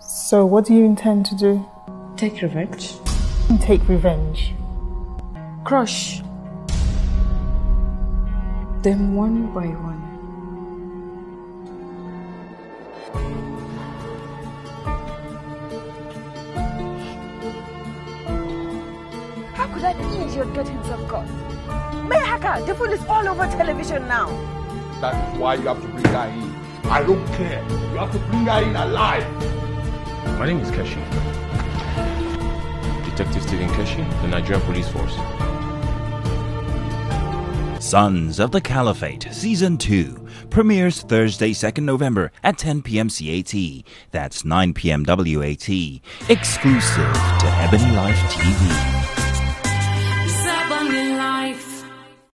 So what do you intend to do? Take revenge. Take revenge. Crush them one by one. How could ease idiot get himself caught? Mayhaka, the fool is all over television now. That is why you have to bring her in. I don't care. You have to bring her in alive. My name is Keshi. Detective Stephen Keshi, the Nigerian Police Force. Sons of the Caliphate Season 2 premieres Thursday, 2nd November at 10 p.m. CAT. That's 9 p.m. WAT. Exclusive to Ebony Life TV.